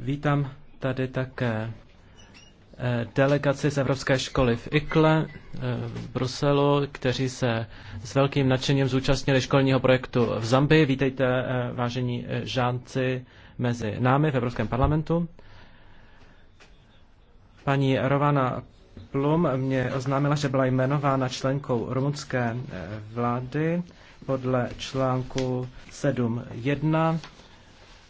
Vítám tady také eh, delegaci z Evropské školy v IKLE eh, v Bruselu, kteří se s velkým nadšením zúčastnili školního projektu v Zambii. Vítejte, eh, vážení žánci, mezi námi v Evropském parlamentu. Paní Rovana Plum mě oznámila, že byla jmenována členkou rumunské vlády podle článku 7.1